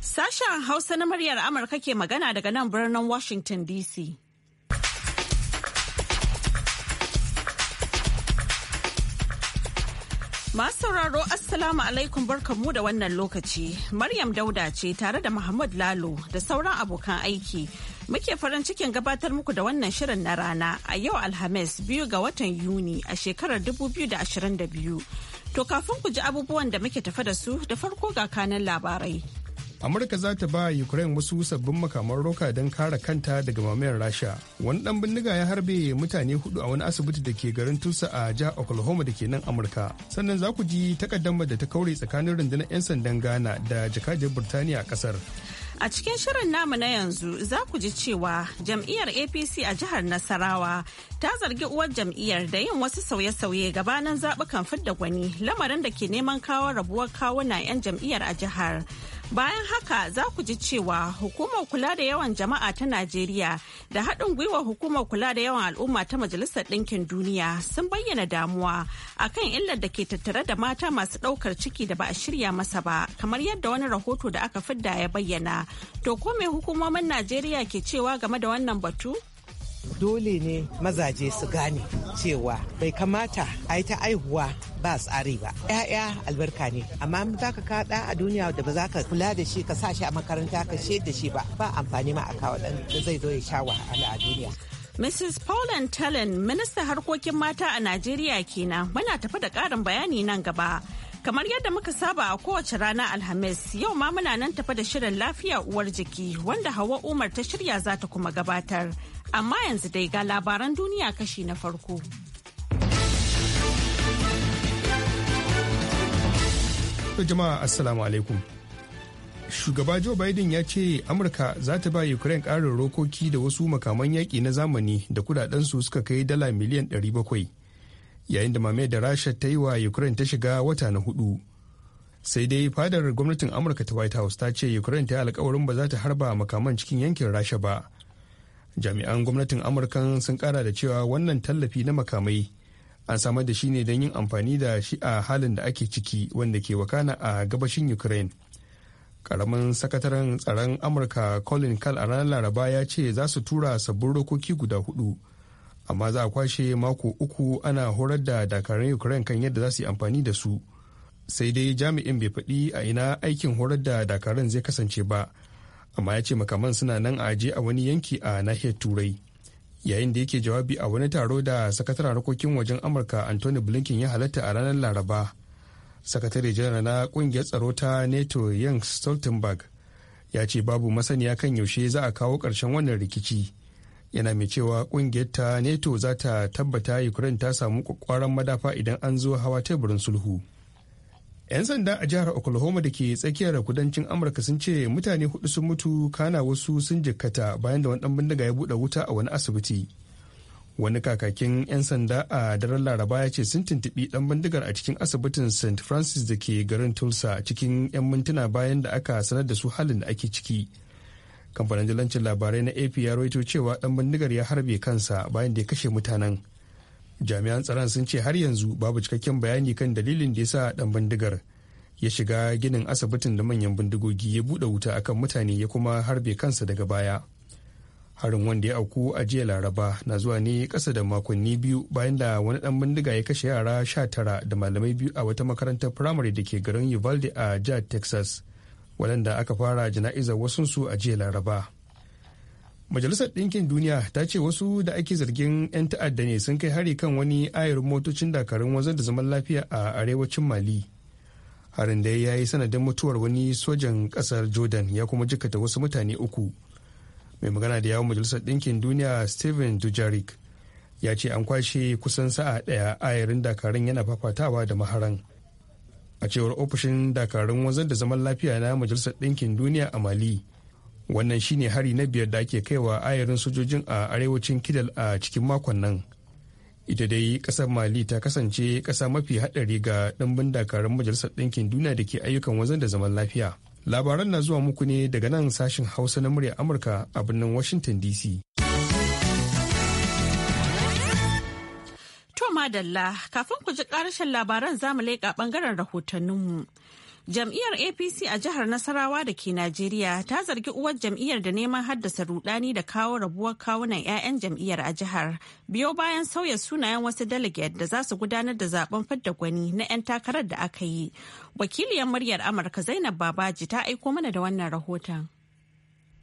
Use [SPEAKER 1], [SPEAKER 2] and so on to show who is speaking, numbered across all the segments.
[SPEAKER 1] Sashen
[SPEAKER 2] Hausa na muryar Amurka ke magana daga nan birnin Washington DC. Masu sauraro Assalamu alaikum barkanmu da wannan lokaci. Maryam Dauda ce tare da Muhammad Lalo da sauran abokan aiki. Muke farin cikin gabatar muku da wannan shirin na rana a yau Alhamis biyu ga watan Yuni a shekarar 2022. To kafin ku ji abubuwan da muke tafa da su da farko ga kanan labarai.
[SPEAKER 3] Amurka za ta ba Ukraine wasu sabbin makaman roka don kare kanta daga mamayar Rasha. Wani dan bindiga ya harbe mutane hudu a wani asibiti da ke garin Tulsa a jihar Oklahoma da ke nan Amurka. Sannan za ku ji takaddamar da ta kaure tsakanin rundunar 'yan sandan Ghana da jakadiyar Birtaniya a kasar.
[SPEAKER 2] A cikin shirin namu na yanzu za ku ji cewa jam'iyyar APC a jihar Nasarawa ta zargi uwar jam'iyyar da yin wasu sauye-sauye gabanin zaɓukan fidda gwani lamarin da ke neman kawo rabuwar kawuna 'yan jam'iyyar a jihar. Bayan haka za ku ji cewa hukumar kula da yawan jama'a ta Najeriya da haɗin gwiwa hukumar kula da yawan al'umma ta Majalisar Ɗinkin Duniya sun bayyana damuwa akan illar da ke tattare da mata masu ɗaukar ciki da ba a shirya masa ba kamar yadda wani rahoto da aka fidda ya bayyana. To ko me hukumomin Najeriya ke cewa game da wannan batu?
[SPEAKER 4] dole ne mazaje su gane cewa bai kamata a yi ta aihuwa ba tsari ba. ‘Ya'ya albarka ne, amma za ka kaɗa a duniya da ba za ka kula da shi ka sa shi a makaranta ka shayar da shi ba, ba amfani ma a kawo ɗan da zai zo ya sha wahala a duniya. Mrs.
[SPEAKER 2] and Talon, ministan harkokin mata a Najeriya kenan, muna tafi da ƙarin bayani nan gaba. Kamar yadda muka saba a kowace rana Alhamis, yau ma muna nan tafa da shirin lafiya uwar jiki wanda Hawa Umar ta shirya za ta kuma gabatar. Amma yanzu dai ga labaran duniya kashi na farko.
[SPEAKER 3] jama'a assalamu alaikum. Shugaba Joe Biden ya ce Amurka za ta ba Ukraine ƙarin rokoki da wasu makaman yaƙi na zamani da kudaden su suka kai dala miliyan 700. yayin da mame da rasha ta yi wa ukraine ta shiga wata na hudu sai dai fadar gwamnatin amurka ta white house ta ce ukraine ta yi alkawarin ba za ta harba makaman cikin yankin rasha ba jami'an gwamnatin amurka sun kara da cewa wannan tallafi na makamai an samar da shi ne don yin amfani da shi a halin da ake ciki wanda ke wakana a gabashin ukraine karamin sakataren tsaron amurka colin kal a ranar laraba ya ce za su tura sabbin rokoki guda hudu amma za a kwashe mako uku ana horar da dakarun ukraine kan yadda za su yi amfani da su sai dai jami'in bai faɗi a ina aikin horar da dakarun zai kasance ba amma ya ce makaman suna nan a aje a wani yanki a nahiyar turai yayin da yake jawabi a wani taro da sakataren harkokin wajen amurka anthony blinken ya halatta a ranar laraba sakatare janar na kungiyar tsaro ta nato yanks stoltenberg ya ce babu masaniya kan yaushe za a kawo ƙarshen wannan rikici yana mai cewa kungiyar ta neto za ta tabbata ukraine ta samu kwakwaran madafa idan an zo hawa teburin sulhu 'yan sanda a jihar oklahoma da ke tsakiyar kudancin amurka sun ce mutane hudu sun mutu kana wasu sun jikkata bayan da wani dan bindiga ya buɗe wuta a wani asibiti wani kakakin 'yan sanda a daren laraba ya ce sun tuntubi dan bindigar a cikin asibitin st francis da ke garin tulsa cikin 'yan mintuna bayan da aka sanar da su halin da ake ciki kamfanin dalancin labarai na ap ya rawaito cewa dan bindigar ya harbe kansa bayan da ya kashe mutanen jami'an tsaron sun ce har yanzu babu cikakken bayani kan dalilin da ya sa dan bindigar ya shiga ginin asibitin da manyan bindigogi ya bude wuta akan mutane ya kuma harbe kansa daga baya harin wanda ya auku a jiya laraba na zuwa ne kasa da makonni biyu bayan da wani dan bindiga ya kashe yara sha tara da malamai biyu a wata makarantar firamare da ke garin uvalde a jihar texas waɗanda aka fara jana'izar wasunsu a jiya laraba majalisar ɗinkin duniya ta ce wasu da ake zargin 'yan ta'adda ne sun kai hari kan wani ayarin motocin dakarun wanzar da zaman lafiya a arewacin mali harin da ya yi sanadin mutuwar wani sojan ƙasar jordan ya kuma jikata wasu mutane uku mai magana da yawon majalisar ɗinkin duniya steven dujarik ya ce an kwashe kusan sa'a ɗaya ayarin dakarun yana fafatawa da maharan a cewar ofishin dakarun wanzar da zaman lafiya na majalisar ɗinkin duniya a mali wannan shine hari na biyar da ake kaiwa ayarin sojojin a arewacin kidal a cikin makon nan ita dai ƙasar mali ta kasance ƙasa mafi haɗari ga ɗimbin dakarun majalisar ɗinkin duniya da ke ayyukan wanzar da zaman lafiya labaran na zuwa muku ne daga nan sashin hausa na murya amurka a birnin washington dc
[SPEAKER 2] madalla kafin ku ji karshen labaran zamu leƙa ɓangaren rahotanninmu. Jam'iyyar APC a jihar Nasarawa da ke Najeriya ta zargi uwar jam'iyyar da neman haddasa rudani da kawo rabuwar kawunan 'ya'yan jam'iyyar a jihar. Biyo bayan sauya sunayen wasu delegate da za su gudanar da zaben fadda gwani na 'yan takarar da aka yi. Wakiliyar muryar Amurka Zainab Babaji ta aiko mana da wannan rahoton.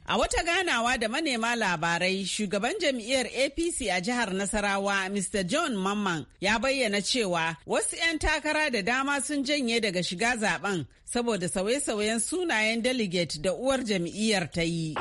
[SPEAKER 5] A wata ganawa da manema labarai, shugaban jam'iyyar APC a jihar Nasarawa, Mr. John Mamman, ya bayyana cewa wasu 'yan takara da dama sun janye daga shiga zaben saboda sauye-sauyen sunayen delegate da uwar jam'iyyar ta yi.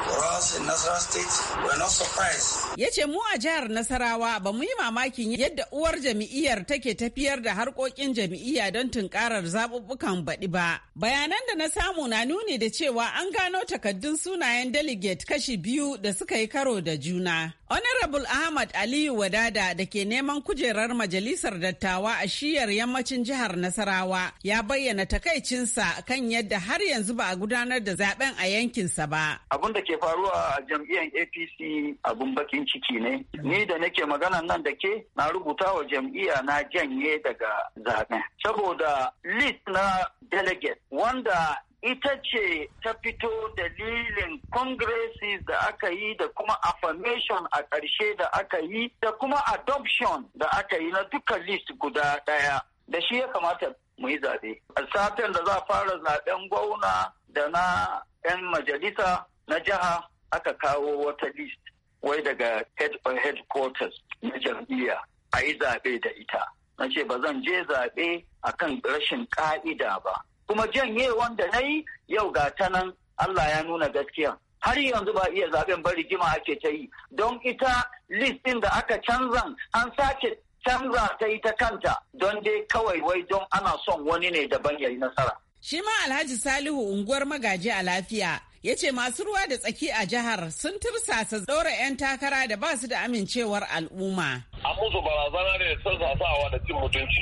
[SPEAKER 5] Ya ce mu a jihar Nasarawa ba mu yi mamakin yadda uwar jam'iyyar take tafiyar da harkokin jam'iyya don tunkarar zaɓuɓɓukan baɗi ba. Bayanan da na samu na nuni da cewa an gano takaddun sunayen delegate kashi biyu da suka yi karo da juna. Honorable Ahmad Aliyu Wadada da ke neman kujerar Majalisar Dattawa a shiyar yammacin jihar Nasarawa ya bayyana takaicinsa kan yadda har yanzu ba a gudanar da zaben a yankinsa
[SPEAKER 6] ba. Abin da ke faruwa a jam'iyyar APC abun bakin ciki ne. Ni da nake magana nan da ke na rubuta wa jam'iyya na janye daga zaben. Saboda list na delegate wanda ita ce ta fito dalilin congresses da aka yi da kuma affirmation a ƙarshe da aka yi da kuma adoption da aka yi na duka list guda ɗaya da shi ya kamata mu yi zaɓe. A satin da za a fara zaɓen gwauna da na 'yan majalisa na jiha aka kawo wata list wai daga head headquarters na jam'iyya a yi zaɓe da ita. Na ce ba zan je zaɓe akan rashin ƙa'ida ba. kuma janye wanda na yi yau ga ta nan Allah ya nuna gaskiya har yanzu ba iya zaben bari rigima ake ta yi don ita listin ɗin da aka canza an sake canza ta ta kanta don dai kawai wai don ana son wani ne daban ya yi nasara.
[SPEAKER 5] Shi ma Alhaji Salihu unguwar magaji a lafiya ya ce masu ruwa da tsaki a jihar sun tursasa ɗora 'yan takara da ba su da amincewar al'umma.
[SPEAKER 6] An musu barazana ne da tursasawa da cin mutunci.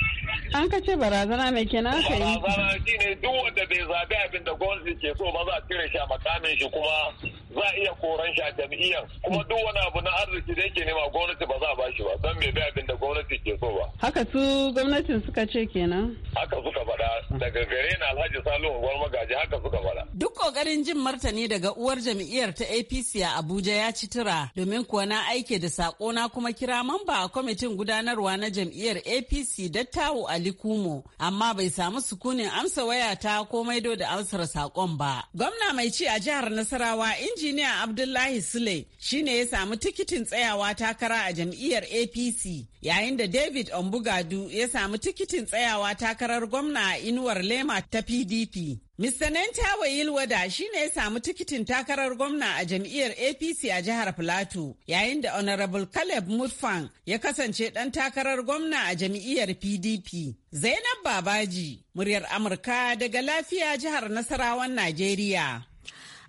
[SPEAKER 5] An ka ce barazana mai na? aka yi. Barazana
[SPEAKER 6] shi ne duk wanda bai zaɓi abin da gwamnati ke so ba za a cire shi a makamin shi kuma za a iya koran shi a jam'iyyar kuma duk wani abu na arziki da yake nema gwamnati ba za a bashi ba don bai bi abin da gwamnati ke so ba.
[SPEAKER 5] Haka su gwamnatin suka ce kenan.
[SPEAKER 6] Haka suka ba. daga gare na alhaji salihu gwar magaji haka suka fara.
[SPEAKER 5] duk kokarin jin martani daga uwar jam'iyyar ta apc a abuja ya ci tura domin kuwa na aike da sako na kuma kira mamba a kwamitin gudanarwa na jam'iyyar apc dattawu ali kumo amma bai samu sukunin amsa waya ta ko maido da amsar sakon ba gwamna mai ci a jihar nasarawa injiniya abdullahi sule shine ya samu tikitin tsayawa takara a jam'iyyar apc yayin da david ombugadu ya samu tikitin tsayawa takarar gwamna a inuwar lema ta pdp mr nentawa yilwada shine ya samu tikitin takarar gwamna a jam'iyyar apc a jihar plateau yayin da honorable caleb mutfang ya kasance dan takarar gwamna a jam'iyyar pdp zainab babaji muryar amurka daga lafiya jihar nasarawan najeriya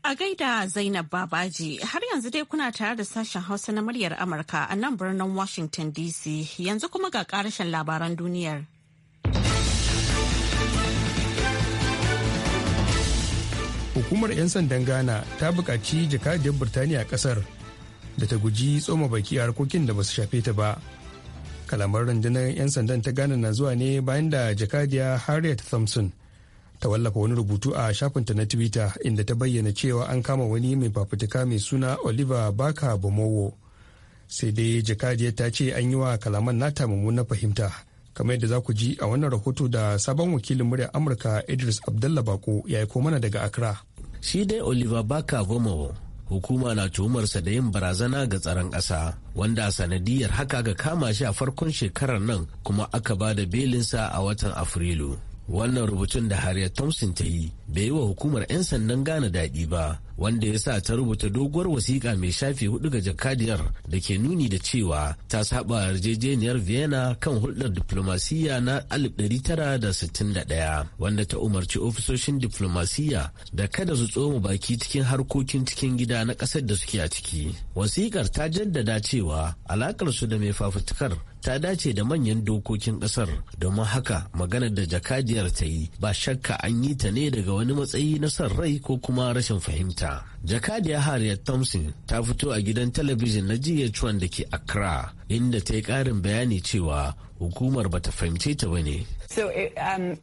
[SPEAKER 5] A gaida
[SPEAKER 2] Zainab Babaji har yanzu dai kuna tare da sashen Hausa na muryar Amurka a nan birnin Washington DC yanzu kuma ga karashen labaran duniyar.
[SPEAKER 3] Hukumar 'yan sandan Ghana ta bukaci jakadiyar Birtaniya a ƙasar da ta guji tsoma baki a harkokin da basu shafe ta ba. Kalamar rundunar 'yan sandan ta Ghana na zuwa ne bayan da jakadiya Harriet Thompson ta wallafa wani rubutu a shafinta na twitter inda ta bayyana cewa an kama wani mai fafutuka mai suna oliver baka bomowo sai dai jakadiyar ta ce an yi wa kalaman nata mummunar fahimta kamar yadda za ku ji a wannan rahoto da sabon wakilin muryar amurka idris abdulla bako ya aiko mana daga accra shi dai oliver baka
[SPEAKER 7] bomowo hukuma na tuhumarsa da yin barazana ga tsaron ƙasa wanda sanadiyar haka ga kama shi a farkon shekarar nan kuma aka ba da belinsa a watan afrilu wannan rubutun da harriet thompson ta yi bai yi wa hukumar 'yan sandan gane daɗi ba wanda ya sa ta rubuta doguwar wasiƙa mai shafi hudu ga jakadiyar da ke nuni da cewa ta saba yarjejeniyar vienna kan hulɗar diflomasiyya na 1961 wanda ta umarci ofisoshin diflomasiyya da kada su tsoma baki cikin harkokin cikin gida na ƙasar da suke a ciki wasiƙar ta jaddada cewa su da mai fafutukar ta dace da manyan dokokin ƙasar domin haka maganar da jakadiyar ta yi ba shakka an yi ta ne daga wani matsayi na son rai ko kuma rashin fahimta time jakadiya harriet thompson ta fito a gidan talabijin na gh1 da ke accra inda ta yi karin bayani cewa hukumar bata fahimce ta ba ne.
[SPEAKER 6] Um,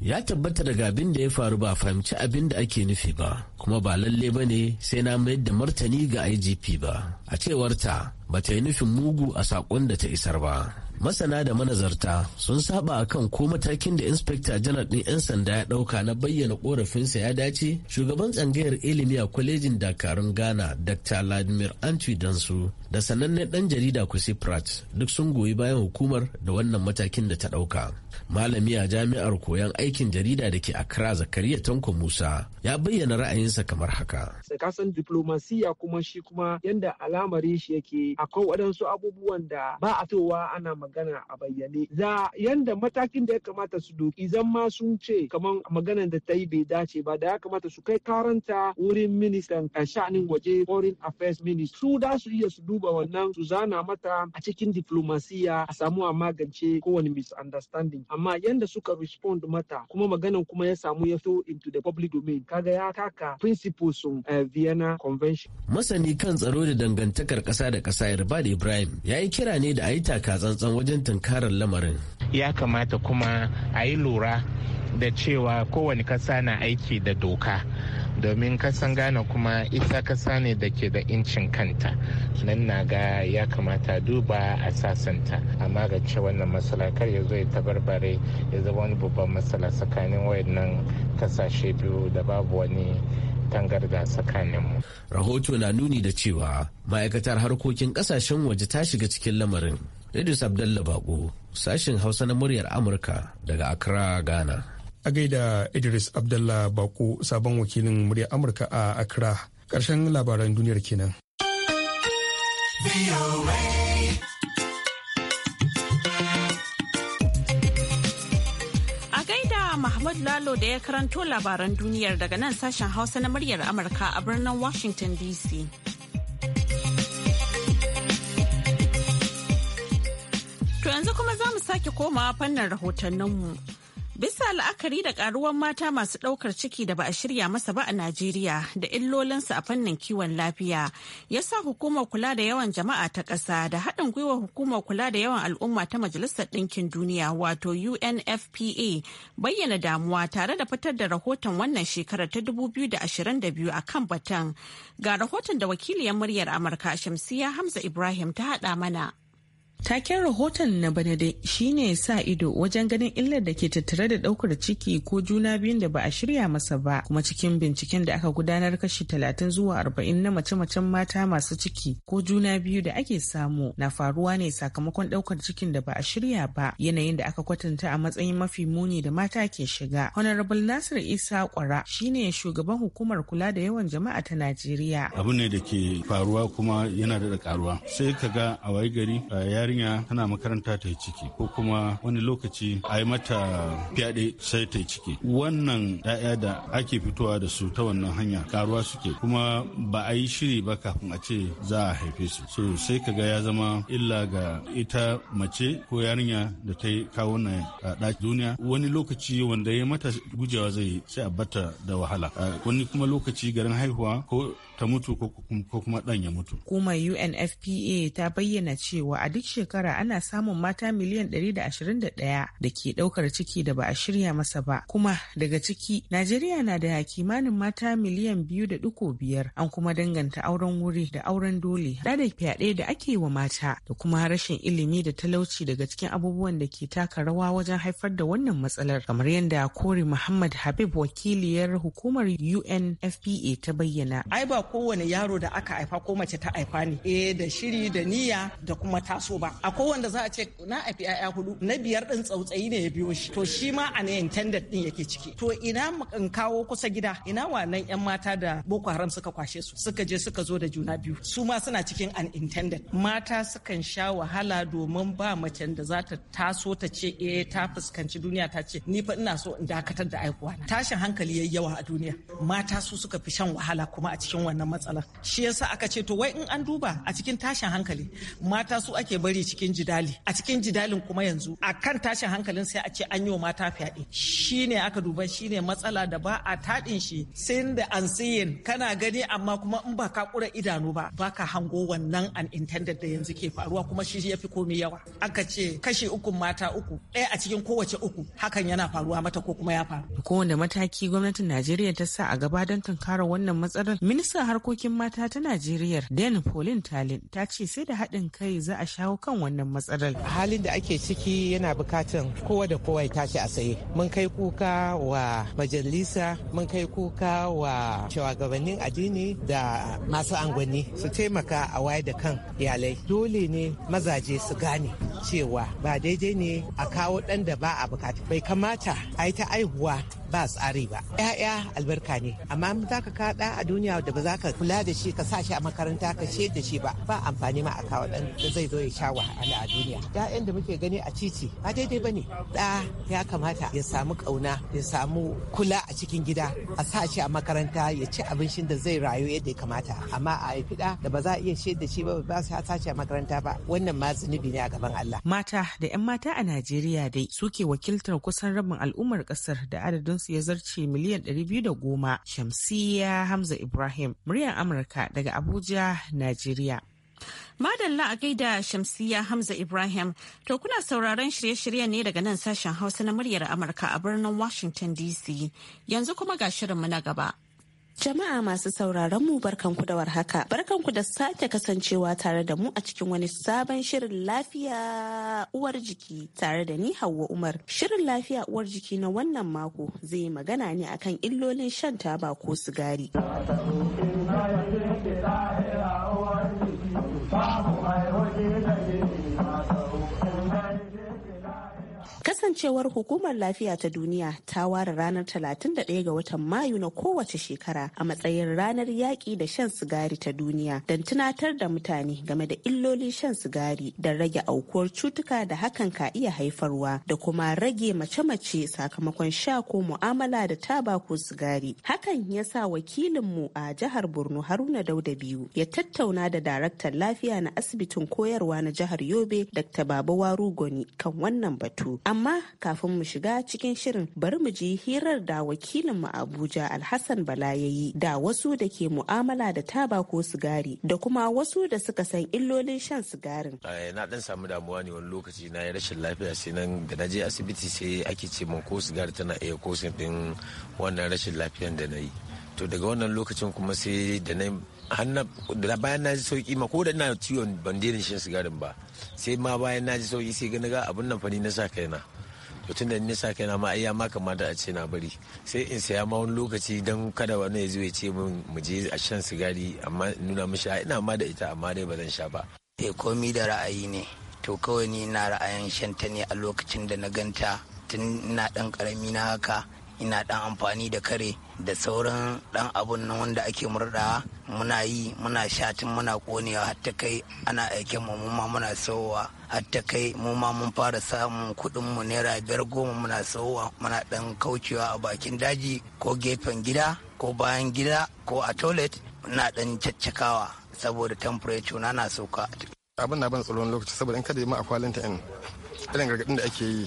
[SPEAKER 7] ya tabbata daga abin da ya faru ba fahimci abin da ake nufi ba, kuma ba lalle ba ne sai na mayar da martani ga IGP ba. A cewar ta, ba ta yi nufin mugu a saƙon da ta isar ba. Masana da manazarta sun saba akan ko matakin da Inspector Janar ɗin 'yan sanda ya ɗauka na bayyana korafinsa ya dace shugaban tsangayar ilimi a kwalejin dakarun ghana dr vladimir antwi dansu da sanannen dan jarida kusi pratt duk sun goyi bayan hukumar da wannan matakin da ta ɗauka. malami a jami'ar koyon aikin jarida da ke Accra Zakariya Tanko Musa ya bayyana ra'ayinsa kamar haka.
[SPEAKER 8] Ka san diplomasiya kuma shi kuma yanda alamari shi yake akwai waɗansu abubuwan da ba a towa ana magana a bayyane. Za yanda matakin da ya kamata su doki zan ma sun ce kamar maganan da ta yi bai dace ba da ya kamata su kai karanta wurin ministan sha'anin waje foreign affairs minister su da su iya su duba wannan su zana mata a cikin diplomasiya a samu a magance kowane misunderstanding din amma yanda suka respond mata kuma maganan kuma ya samu ya so into the public domain kaga ya taka principles sun uh, Vienna Convention. Masani
[SPEAKER 7] kan tsaro da dangantakar kasa da kasa Irbad Ibrahim ya yi kira ne da ayi taka tsantsan wajen tunkarar
[SPEAKER 4] lamarin. Ya kamata kuma a yi lura da cewa kowane ƙasa na aiki da doka. domin kasan ghana kuma ita kasa ne da ke da incin kanta nan na ga ya kamata duba a sasanta a magance wannan matsala kar ya zo ya tabarbare ya zama wani babban matsala tsakanin wayannan kasashe biyu da babu wani tangarda tsakaninmu.
[SPEAKER 7] rahoto na nuni da cewa ma'aikatar harkokin kasashen waje ta shiga cikin lamarin idris abdallah bako
[SPEAKER 3] sashen hausa na muryar amurka daga accra ghana a gaida idris abdullah bako sabon wakilin murya amurka a accra karshen labaran duniyar kenan
[SPEAKER 2] a gaida mahmud lalo da ya karanto labaran duniyar daga nan sashen hausa na muryar amurka a birnin washington dc To yanzu kuma za mu sake komawa fannin rahotanninmu. Bisa la'akari da karuwan mata masu ɗaukar ciki da ba a shirya masa ba a Najeriya da illolinsu a fannin kiwon lafiya, ya sa hukumar kula da yawan jama'a ta ƙasa da haɗin gwiwar hukumar kula da yawan al'umma ta Majalisar Ɗinkin Duniya wato UNFPA bayyana damuwa tare da fitar da rahoton wannan shekarar ta 2022 a kan batun. Ga rahoton da wakiliyar muryar Amurka Shamsiya Hamza Ibrahim ta haɗa mana.
[SPEAKER 9] Taken rahoton na bana dai shine sa ido wajen ganin illar da ke tattare da ɗaukar ciki ko juna biyun da ba a shirya masa ba kuma cikin binciken da aka gudanar kashi talatin zuwa arba'in na mace-macen mata masu ciki ko juna biyu da ake samu na faruwa ne sakamakon ɗaukar cikin da ba a shirya ba yanayin da aka kwatanta a matsayin mafi muni da mata ke shiga. Honorable Nasir Isa Kwara shine shugaban hukumar kula da yawan jama'a ta Najeriya.
[SPEAKER 10] Abu ne da ke faruwa kuma yana da karuwa. Sai ka ga a wai gari yarinya tana makaranta ta yi ciki ko kuma wani lokaci a yi mata fyaɗe sai ta yi ciki wannan ɗaya da ake fitowa da su ta wannan hanya karuwa suke kuma ba a yi shiri ba kafin a ce za a haife su so sai ka ga ya zama illa ga ita mace ko yarinya da ta yi kawo na ɗaki duniya wani lokaci wanda ya mata gujewa zai sai a bata da wahala wani kuma lokaci garin haihuwa ko ta mutu ko kuma ɗan ya
[SPEAKER 8] mutu.
[SPEAKER 9] Hukumar UNFPA ta bayyana cewa a duk shekara ana samun mata miliyan 121 da ke ɗaukar ciki da ba a shirya masa ba. Kuma daga ciki, Najeriya na da kimanin mata miliyan biyu da ɗuko biyar an kuma danganta auren wuri da auren dole da da fyaɗe da ake wa mata da kuma rashin ilimi da talauci daga cikin abubuwan da ke taka rawa wajen haifar da wannan matsalar kamar yadda Kori Muhammad Habib wakiliyar hukumar UNFPA ta bayyana.
[SPEAKER 8] Ai kowane yaro da aka haifa ko mace ta haifa ne eh da shiri da niyya da kuma taso ba a kowanne za a ce na haifi yaya hudu na biyar din tsautsayi ne ya biyo shi to shi ma a ne intended din yake ciki to ina in kawo kusa gida ina wannan yan mata da boko haram suka kwashe su suka je suka zo da juna biyu su ma suna cikin unintended mata sukan sha wahala domin ba mace da za ta taso ta ce eh ta fuskanci duniya ta ce ni fa ina so in dakatar da aihuwa tashin hankali yayi yawa a duniya mata su suka fi shan wahala kuma a cikin wannan wannan matsalar shi yasa aka ce to wai in an duba a cikin tashin hankali mata su ake bari cikin jidali a cikin jidalin kuma yanzu a kan tashin hankalin sai a ce an yi wa mata fyaɗe ne aka duba shine matsala da ba a taɗin shi sin da an siyin kana gani amma kuma in ba ka kura idanu ba ba ka hango wannan intended da yanzu ke faruwa kuma shi ya fi komai yawa aka ce kashi uku mata uku ɗaya a cikin kowace uku hakan yana faruwa mata ko kuma ya faru
[SPEAKER 9] kowane mataki gwamnatin najeriya ta sa a gaba don tunkarar wannan matsalar ministan harkokin mata ta Najeriya Dan
[SPEAKER 4] Polin Talin ta ce sai da haɗin kai za a shawo kan wannan matsalar. Halin da ake ciki yana bukatan kowa da kowa ya tashi a tsaye. Mun kai kuka wa majalisa, mun kai kuka wa shugabannin addini da masu angwani su taimaka a waye da kan iyalai. Dole ne mazaje su gane cewa ba daidai ne a kawo ɗan da ba a bukata. Bai kamata a yi ta aihuwa ba tsari ba yaya albarka ne amma in za ka kaɗa a duniya da ba za ka kula da shi ka sa shi a makaranta ka ce da shi ba ba amfani ma a kawo ɗan da zai zo ya sha wahala a duniya yayan da muke gani a titi ba daidai bane ɗa ya kamata ya samu ƙauna ya samu kula a cikin gida a sa shi a makaranta ya ci abincin da zai rayu yadda ya kamata amma a haifi ɗa da ba za a iya ce da shi ba ba sa shi a makaranta ba wannan ma zunubi ne a gaban Allah
[SPEAKER 9] mata da 'yan mata a Najeriya dai suke wakiltar kusan rabin al'ummar ƙasar da adadin su ya zarce miliyan 210 shamsiya hamza ibrahim muryar amurka daga abuja najeriya
[SPEAKER 2] Madalla a gaida Shamsiya Hamza Ibrahim, to kuna sauraron shirye-shiryen ne daga nan sashen Hausa na muryar Amurka a birnin Washington DC. Yanzu kuma ga shirinmu na gaba.
[SPEAKER 1] Jama'a masu sauraron mu barkanku da warhaka. Barkanku da sake kasancewa tare da mu a cikin wani sabon shirin lafiya uwar jiki tare da ni Hauwa Umar. Shirin lafiya uwar jiki na wannan mako zai magana ne akan illolin shan taba ko sigari. Babu mai Kasancewar hukumar lafiya ta duniya ta ware ranar 31 ga watan Mayu na kowace shekara a matsayin ranar yaƙi da shan sigari ta duniya don tunatar da mutane game da illolin shan sigari da rage aukuwar cutuka da hakan ka iya haifarwa da kuma rage mace-mace sakamakon sha ko mu'amala da taba ko sigari. Hakan ya sa wakilinmu a jihar Borno Haruna Dauda biyu ya tattauna da daraktan lafiya na asibitin koyarwa na jihar Yobe Dr. Baba Warugoni kan wannan batu. Amma amma kafin mu shiga cikin shirin bari mu ji hirar da wakilinmu Abuja Alhassan Bala ya yi da wasu da ke mu'amala da taba ko sigari da kuma wasu da suka san illolin shan sigarin.
[SPEAKER 7] Na dan samu damuwa ne wani lokaci na yi rashin lafiya sai nan da na je asibiti sai ake ce min ko sigari tana iya sin din wannan rashin lafiyan da na yi. To daga wannan lokacin kuma sai da na bayan na ji sauki ma ko da ina ciwon ban daina shan sigarin ba sai ma bayan na ji sauki sai ga abin nan ni na sa kaina. mutum da ni sa kaina ma ai ma kamata a ce na bari sai in saya ma wani lokaci don kada wani ya zo ce min mu je a shan sigari amma nuna mishi ina ma da
[SPEAKER 8] ita amma dai ba zan sha ba e komi da ra'ayi ne to kawai ni na ra'ayin shanta ne a lokacin da na ganta tun ina dan karami na haka ina dan amfani da kare da sauran dan abun nan wanda ake murda muna yi muna shatin muna konewa har ta kai ana aike mu ma muna sowa har ta kai mu ma mun fara samun kudin mu naira biyar goma muna sowa muna dan kaucewa a bakin daji ko gefen gida ko bayan gida ko a toilet muna dan caccakawa saboda temperature na na sauka abin na ban tsoron lokaci saboda in kada yi ma a kwalinta in irin gargadin
[SPEAKER 3] da ake yi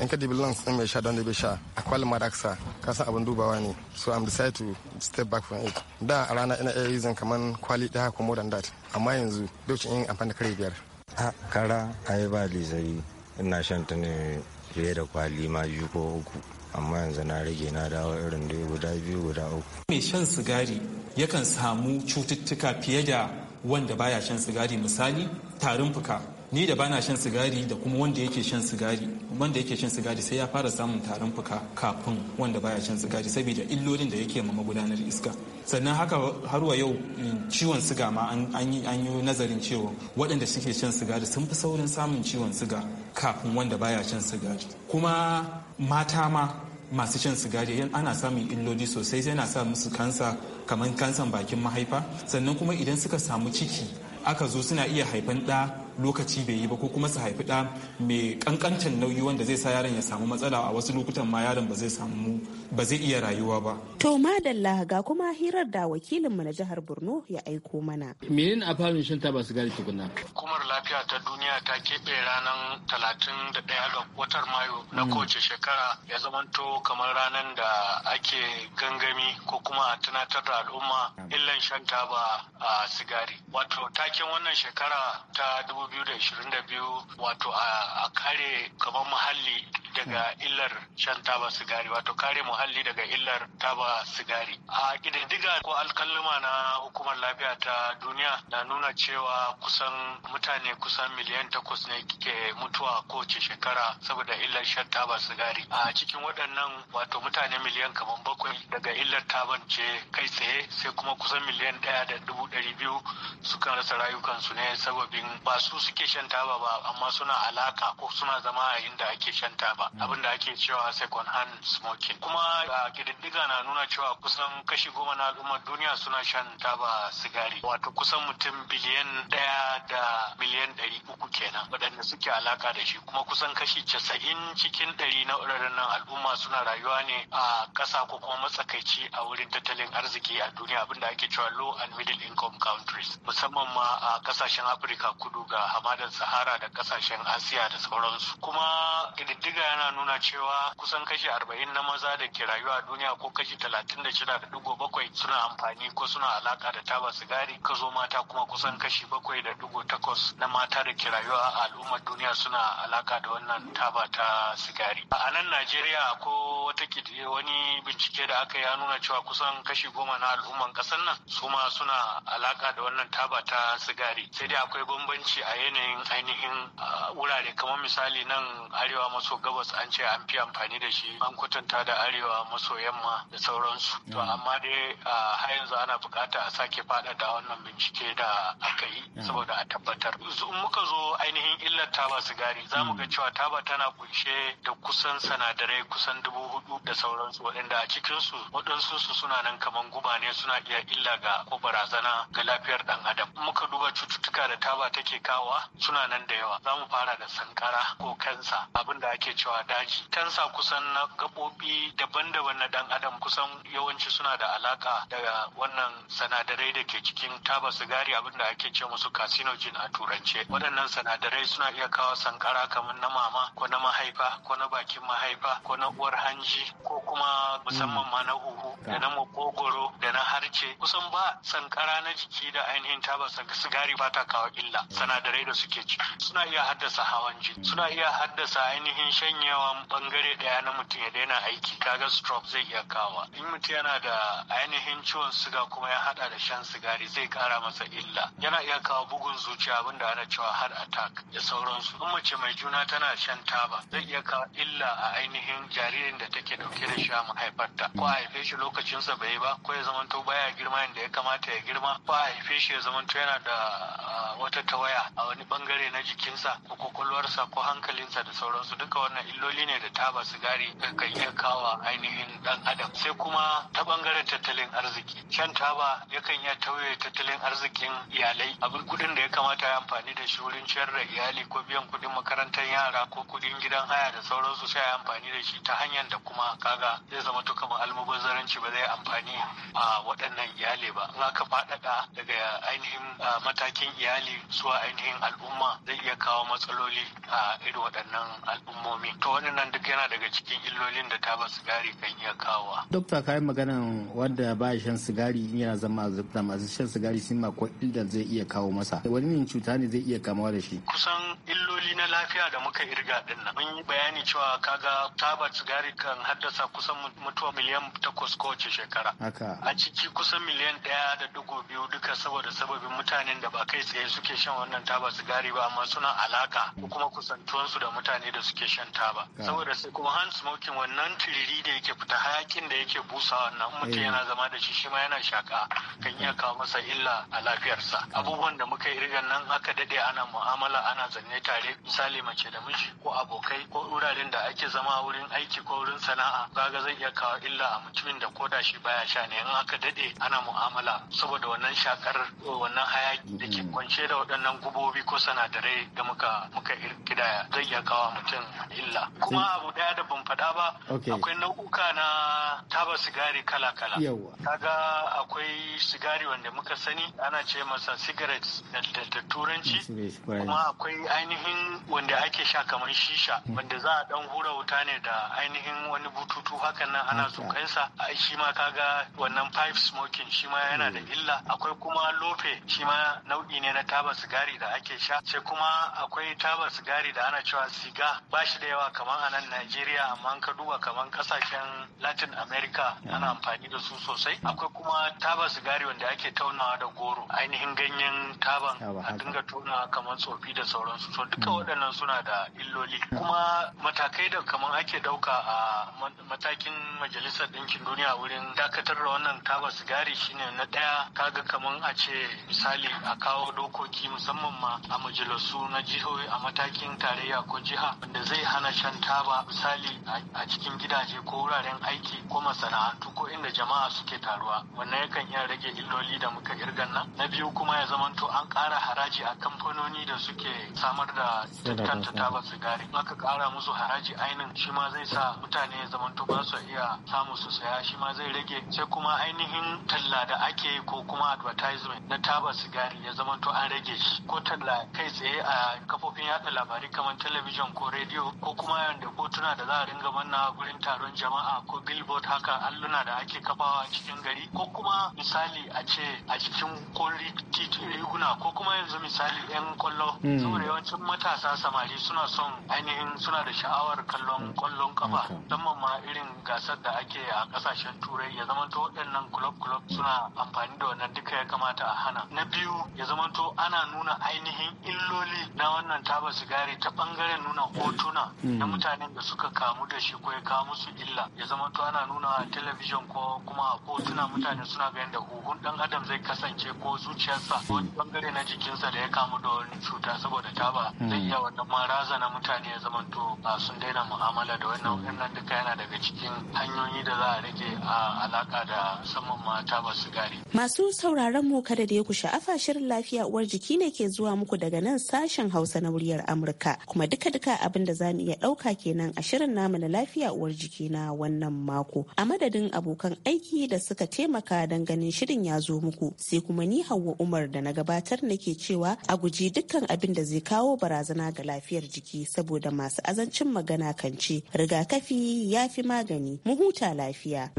[SPEAKER 3] in ka dibi lungs din mai sha don da bai sha a kwalin maraksa ka san abin dubawa ne so i'm decided to step back from it da a rana ina iya using kamar kwali daya ko more than that amma yanzu dauce yin amfani da kare biyar a kara ai ba lizari ina shan
[SPEAKER 7] ta ne fiye da kwali ma biyu ko uku amma yanzu na rage na dawo irin dai guda
[SPEAKER 3] biyu guda uku mai shan sigari yakan samu cututtuka fiye da wanda baya shan sigari misali tarin fuka ni da bana shan sigari da kuma wanda yake shan sigari wanda yake shan sigari sai ya fara samun tarin fuka kafin wanda baya shan sigari saboda illolin da yake ma magudanar iska sannan haka har wa yau mm, ciwon siga ma an yi nazarin cewa waɗanda suke shan sigari sun fi saurin samun ciwon siga kafin wanda baya shan sigari kuma mata ma masu shan sigari ana samun illoli sosai sai na sa musu kansa kamar kansan bakin mahaifa sannan kuma idan suka samu ciki aka zo suna iya haifan ɗa lokaci bai yi ba ko kuma su haifi ɗa mai kankancin nauyi wanda zai sa yaron ya samu matsala a wasu lokutan ma yaron ba zai samu ba zai iya rayuwa ba.
[SPEAKER 1] To madalla ga kuma hirar da wakilin mu na jihar Borno ya aiko mana. Menene a fara shan taba sigari tukuna? Hukumar lafiya ta duniya ta keɓe ranar
[SPEAKER 10] talatin da ɗaya ga watan Mayu na hmm. kowace shekara ya zamanto kamar ranar da ake gangami ko kuma a tunatar da al'umma hmm. illan shan taba a sigari. Wato taken wannan shekara ta dubu 2022 wato a kare kamar muhalli daga illar shan taba sigari wato kare muhalli daga illar taba sigari a ƙididdiga ko alkalima na hukumar lafiya ta duniya na nuna cewa kusan mutane kusan miliyan takwas ne ke mutuwa kowace shekara saboda illar shan taba sigari a cikin waɗannan wato mutane miliyan kamar bakwai daga illar taban ce kai tsaye sai kuma kusan miliyan ɗaya da dubu ɗari biyu sukan rasa rayukansu ne sababin basu. suke shan taba ba amma suna alaka ko suna zama a inda ake shan taba hmm. abinda ake cewa second hand smoking kuma a kididdiga na nuna cewa kusan kashi goma na al'ummar duniya suna shan taba sigari wato kusan mutum biliyan daya da miliyan ɗari uku kenan waɗanda suke alaka da shi kuma kusan kashi casa'in cikin ɗari na nan al'umma suna rayuwa ne a ƙasa ko kuma matsakaici a wurin tattalin arziki a duniya abinda ake cewa low and middle income countries musamman ma a ƙasashen afirka kudu ga hamadar sahara da kasashen asiya da sauransu kuma ƙididdiga yana nuna cewa kusan kashi arba'in na maza da ke rayuwa a duniya ko kashi talatin da shida da digo bakwai suna amfani ko suna alaka da taba sigari ka zo mata kuma kusan kashi bakwai da digo takwas na mata da ke rayuwa a al'ummar duniya suna alaka da wannan taba ta sigari a nan najeriya ko wata wani bincike da aka ya nuna cewa kusan kashi goma na al'umman ƙasar nan su ma suna alaka da wannan taba ta sigari sai dai akwai bambanci a yanayin ainihin wurare kamar misali nan arewa maso gabas an ce an fi amfani da shi an kwatanta da arewa maso yamma da sauransu to mm. amma dai har yanzu ana bukata a sake faɗaɗa wannan bincike da aka yi mm. saboda a tabbatar in muka zo ainihin illar taba sigari za mu ga mm. cewa taba tana kunshe da kusan sanadarai kusan dubu hudu da sauransu waɗanda a cikinsu waɗansu su suna nan kamar guba ne suna iya illa ga ko barazana ga lafiyar ɗan adam muka duba cututtuka da taba take kawo Kowa suna nan da yawa za mu fara da sankara ko kansa abin da ake cewa daji kansa kusan na gaɓoɓi daban-daban na ɗan adam kusan yawanci suna da alaka daga wannan sanadarai da ke cikin taba sigari abin da ake ce musu carcinogen a turance waɗannan sanadarai suna iya kawo sankara kamar na mama ko na mahaifa ko na bakin mahaifa ko na uwar hanji ko kuma musamman ma na huhu da na makogoro da na harce kusan ba sankara na jiki da ainihin taba sigari ba ta kawo illa sanadarai sinadarai da suke ci suna iya haddasa hawan jini suna iya haddasa ainihin shanyewan bangare ɗaya na mutum ya daina aiki kaga stroke zai iya kawa in mutum yana da ainihin ciwon siga kuma ya haɗa da shan sigari zai kara masa illa yana iya kawo bugun zuciya abinda ana cewa heart attack da sauransu in mace mai juna tana shan taba zai iya kawo illa a ainihin jaririn da take dauke da shi a mahaifarta ko a haife shi lokacinsa bai ba ko ya zamanto baya girma yadda ya kamata ya girma ko a haife shi ya zamanto yana da ah, wata tawaya a wani bangare na jikinsa ko kwakwalwarsa ko hankalinsa da sauransu duka wannan illoli ne da taba sigari ka iya kawo ainihin dan adam sai kuma ta bangaren tattalin arziki shan taba yakan iya tauye tattalin arzikin iyalai abin kudin da ya kamata ya amfani da shi wurin ciyar da iyali ko biyan kudin makarantar yara ko kudin gidan haya da sauransu sai ya amfani da shi ta hanyar da kuma kaga zai zama to kamar almubazzaranci ba zai amfani a waɗannan iyali ba in aka faɗaɗa daga ainihin matakin iyali zuwa ainihin cikin al'umma zai iya kawo matsaloli a irin waɗannan al'ummomi to nan duk yana daga cikin illolin da taba sigari kan iya kawowa.
[SPEAKER 7] dokta kayan magana wanda ba shan sigari yana zama zubta masu shan sigari sun ma ko illar zai iya kawo masa wani yin cuta ne zai iya kamawa da shi.
[SPEAKER 6] kusan illoli na lafiya da
[SPEAKER 10] muka irga din nan mun yi bayani cewa ka ga taba sigari kan haddasa kusan mutuwa miliyan takwas kowace shekara. haka a ciki kusan miliyan ɗaya da dugu biyu duka saboda sababin mutanen da ba kai tsaye suke shan wannan taba taba sigari ba amma suna alaka ko kuma kusantuwansu da mutane da suke shan taba saboda sai kuma hand smoking wannan tiriri da yake fita hayakin da yake busa wannan mutum eh. yana zama da shi shi ma yana shaka kan iya kawo masa illa a lafiyarsa abubuwan da muka yi rigan nan aka dade ana mu'amala ana zanne tare misali mace da miji ko abokai ko wuraren da ake zama wurin aiki ko wurin sana'a kaga zai iya kawo illa a mutumin da koda shi baya sha ne in aka dade ana mu'amala saboda wannan shakar wannan hayaki da ke kwance da waɗannan gubo dabbobi ko sanadarai da muka muka kidaya zai iya kawo mutum illa kuma abu daya da ban faɗa ba akwai nau'uka na taba sigari kala kala kaga akwai sigari wanda muka sani ana ce masa cigarettes da turanci kuma akwai ainihin wanda ake sha kamar shisha mm. wanda za a dan hura wuta ne da ainihin wani bututu hakan nan ana tsokansa shi ma kaga wannan pipe smoking shi ma yana da mm. illa akwai kuma lofe shi ma nau'i ne na taba sigari da ake sha ce kuma akwai taba sigari da ana cewa siga ba shi da yawa kamar a nan Najeriya amma ka duba kamar kasashen Latin America ana amfani da su sosai akwai kuma taba sigari wanda ake taunawa da goro ainihin ganyen taban a dinga tonawa kamar tsofi da sauransu so duka mm. waɗannan suna da illoli
[SPEAKER 6] kuma
[SPEAKER 10] matakai da kamar ake ɗauka a matakin majalisar ɗinkin duniya wurin dakatar da wannan taba sigari shine na ɗaya kaga kamar a ce misali a kawo dokoki musamman yamma a majalisu na jihohi a matakin tarayya ko jiha wanda zai hana shan taba misali a cikin gidaje ko wuraren aiki ko masana'antu ko inda jama'a suke taruwa wannan yakan iya rage illoli da muka irgan nan na biyu kuma ya zamanto an ƙara haraji a kamfanoni da suke samar da tattanta taba sigari aka ƙara musu haraji ainin shi ma zai sa mutane ya zamanto ba su iya samu su saya shi ma zai rage sai kuma ainihin talla da ake ko kuma advertisement na taba sigari ya zamanto an rage shi ko talla kai tsaye a kafofin yada labarai kamar talabijin ko rediyo ko kuma yadda hotuna da za a ringa manna gurin taron jama'a ko billboard haka alluna da ake kafawa cikin gari ko kuma misali a ce a cikin ko riguna ko kuma yanzu misali yan kwallo hmm. saboda yawancin matasa samari suna son ainihin suna da sha'awar kallon kwallon kafa musamman ma irin gasar da ake a kasashen turai ya to waɗannan club club hmm. suna amfani da wannan duka ya kamata a hana na biyu ya zamanto ana nuna ainihin ainihin illoli na wannan taba sigari ta bangaren nuna hotuna hmm. na mutanen da suka kamu da shi ko ya kawo musu illa ya zama to ana nuna a talabijin ko kuma a hotuna mutane suna ga yadda huhun dan adam zai kasance ko zuciyarsa ko bangare na jikinsa da ya kamu da wani cuta saboda taba hmm. zai iya wannan ma na mutane ya zama to sun daina mu'amala da wannan hmm. wannan duka yana daga cikin hanyoyi da za a rage a alaka da saman ma taba sigari.
[SPEAKER 1] Masu sauraron mu kada da ya ku sha'afa shirin lafiya uwar jiki ne ke zuwa zuwa muku daga nan sashen Hausa na muryar Amurka. Kuma duka-duka abin da za iya ɗauka kenan a shirin namu na lafiya uwar jiki na wannan mako. A madadin abokan aiki da suka taimaka don ganin shirin ya zo muku. Sai kuma ni Hauwa Umar da na gabatar nake cewa a guji dukkan abin da zai kawo barazana ga lafiyar jiki saboda masu azancin magana kan ce rigakafi ya fi magani mu huta lafiya.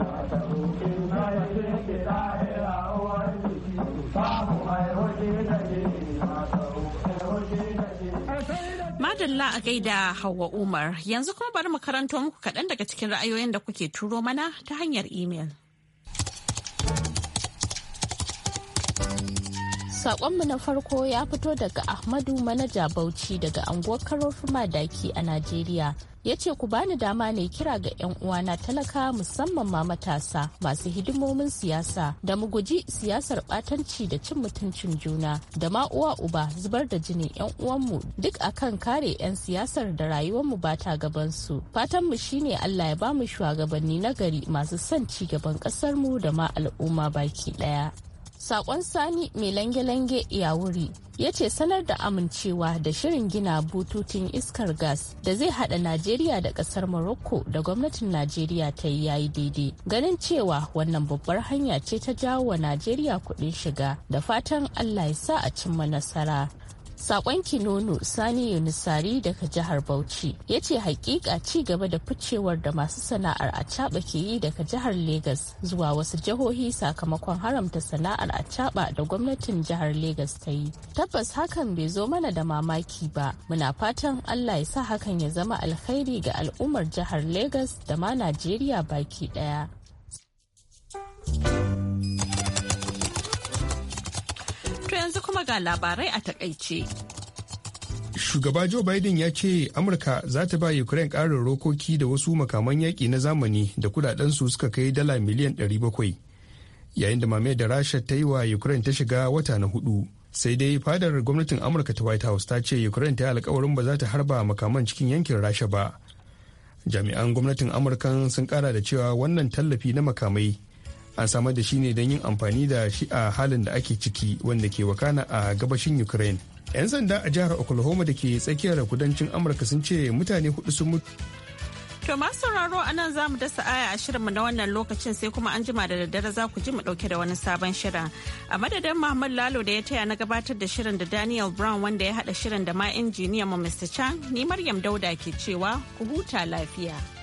[SPEAKER 2] Allah a gaida Hauwa Umar. Yanzu kuma bari mu karanto muku kaɗan daga cikin ra'ayoyin da kuke turo mana ta hanyar imel.
[SPEAKER 11] Sakonmu na farko ya fito daga Ahmadu Manaja Bauchi daga anguwar Karofin Madaki a Najeriya. ya ce ku bani dama ne kira ga 'yan uwana talaka musamman ma matasa masu hidimomin siyasa da mu guji siyasar batanci da cin mutuncin juna da ma uwa uba zubar da jini 'yan uwanmu duk akan kare 'yan siyasar da rayuwarmu ba ta gabansu fatan mu shine allah ya bamu shugabanni na gari masu son ci gaban kasar mu da ma al'umma baki daya Sakon Sani mai lange-lange ya wuri ya ce sanar da amincewa da shirin gina bututun iskar gas da zai hada Najeriya da kasar Morocco da gwamnatin Najeriya ta yi yayi daidai. Ganin cewa wannan babbar hanya ce ta jawo wa Najeriya kudin shiga da fatan Allah ya sa a cimma nasara. Sakon Kinono Sani Yunusari daga jihar Bauchi ya ce hakika ci gaba da ficewar da masu sana'ar caba ke yi daga jihar Legas zuwa wasu jihohi sakamakon haramta sana'ar caba da gwamnatin jihar Legas ta yi. Tabbas hakan bai zo mana da mamaki ba. Muna fatan Allah ya sa hakan ya zama alkhairi ga al'ummar jihar Legas da ma Najeriya baki daya.
[SPEAKER 2] kuma ga labarai a
[SPEAKER 11] takaice.
[SPEAKER 3] Shugaba Joe Biden ya ce Amurka za ta ba Ukraine ƙarin rokoki da wasu makaman yaƙi na zamani da kudadensu suka kai dala miliyan 700 yayin da mamayar da Rasha ta yi wa Ukraine ta shiga wata na hudu. Sai dai fadar gwamnatin Amurka ta White House ta ce Ukraine ta yi alkawarin ba za ta harba makaman cikin yankin Rasha ba. Jami'an gwamnatin amurka sun kara da cewa wannan tallafi na makamai an samar da shi ne don yin amfani da shi a halin da ake ciki wanda ke wakana a gabashin ukraine 'yan sanda a jihar oklahoma da ke tsakiyar kudancin amurka sun ce mutane hudu sun mutu
[SPEAKER 2] To masu sauraro a nan za mu dasa aya a shirinmu na wannan lokacin sai kuma an jima da daddare za ku ji mu dauke da wani sabon shirin. A madadin Muhammad Lalo da ya taya na gabatar da shirin da Daniel Brown wanda ya hada shirin da ma injiniyan mu Mr. Chan, ni Maryam Dauda ke cewa ku huta
[SPEAKER 11] lafiya.